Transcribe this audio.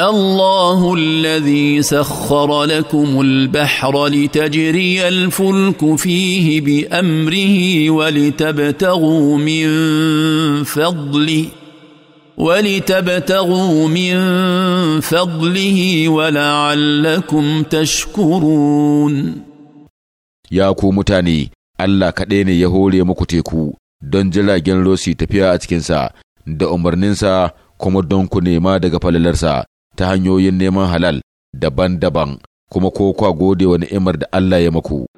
الله الذي سخر لكم البحر لتجري الفلك فيه بامره ولتبتغوا من فضله ولتبتغوا من فضله ولعلكم تشكرون يا ku mutane Allah kaɗai ne ya hore muku teku don jiragen rosi tafiya a cikinsa da umarninsa kuma don ku nema daga falalarsa ta hanyoyin neman halal daban-daban kuma ko kwa gode wa ni'imar da Allah ya maku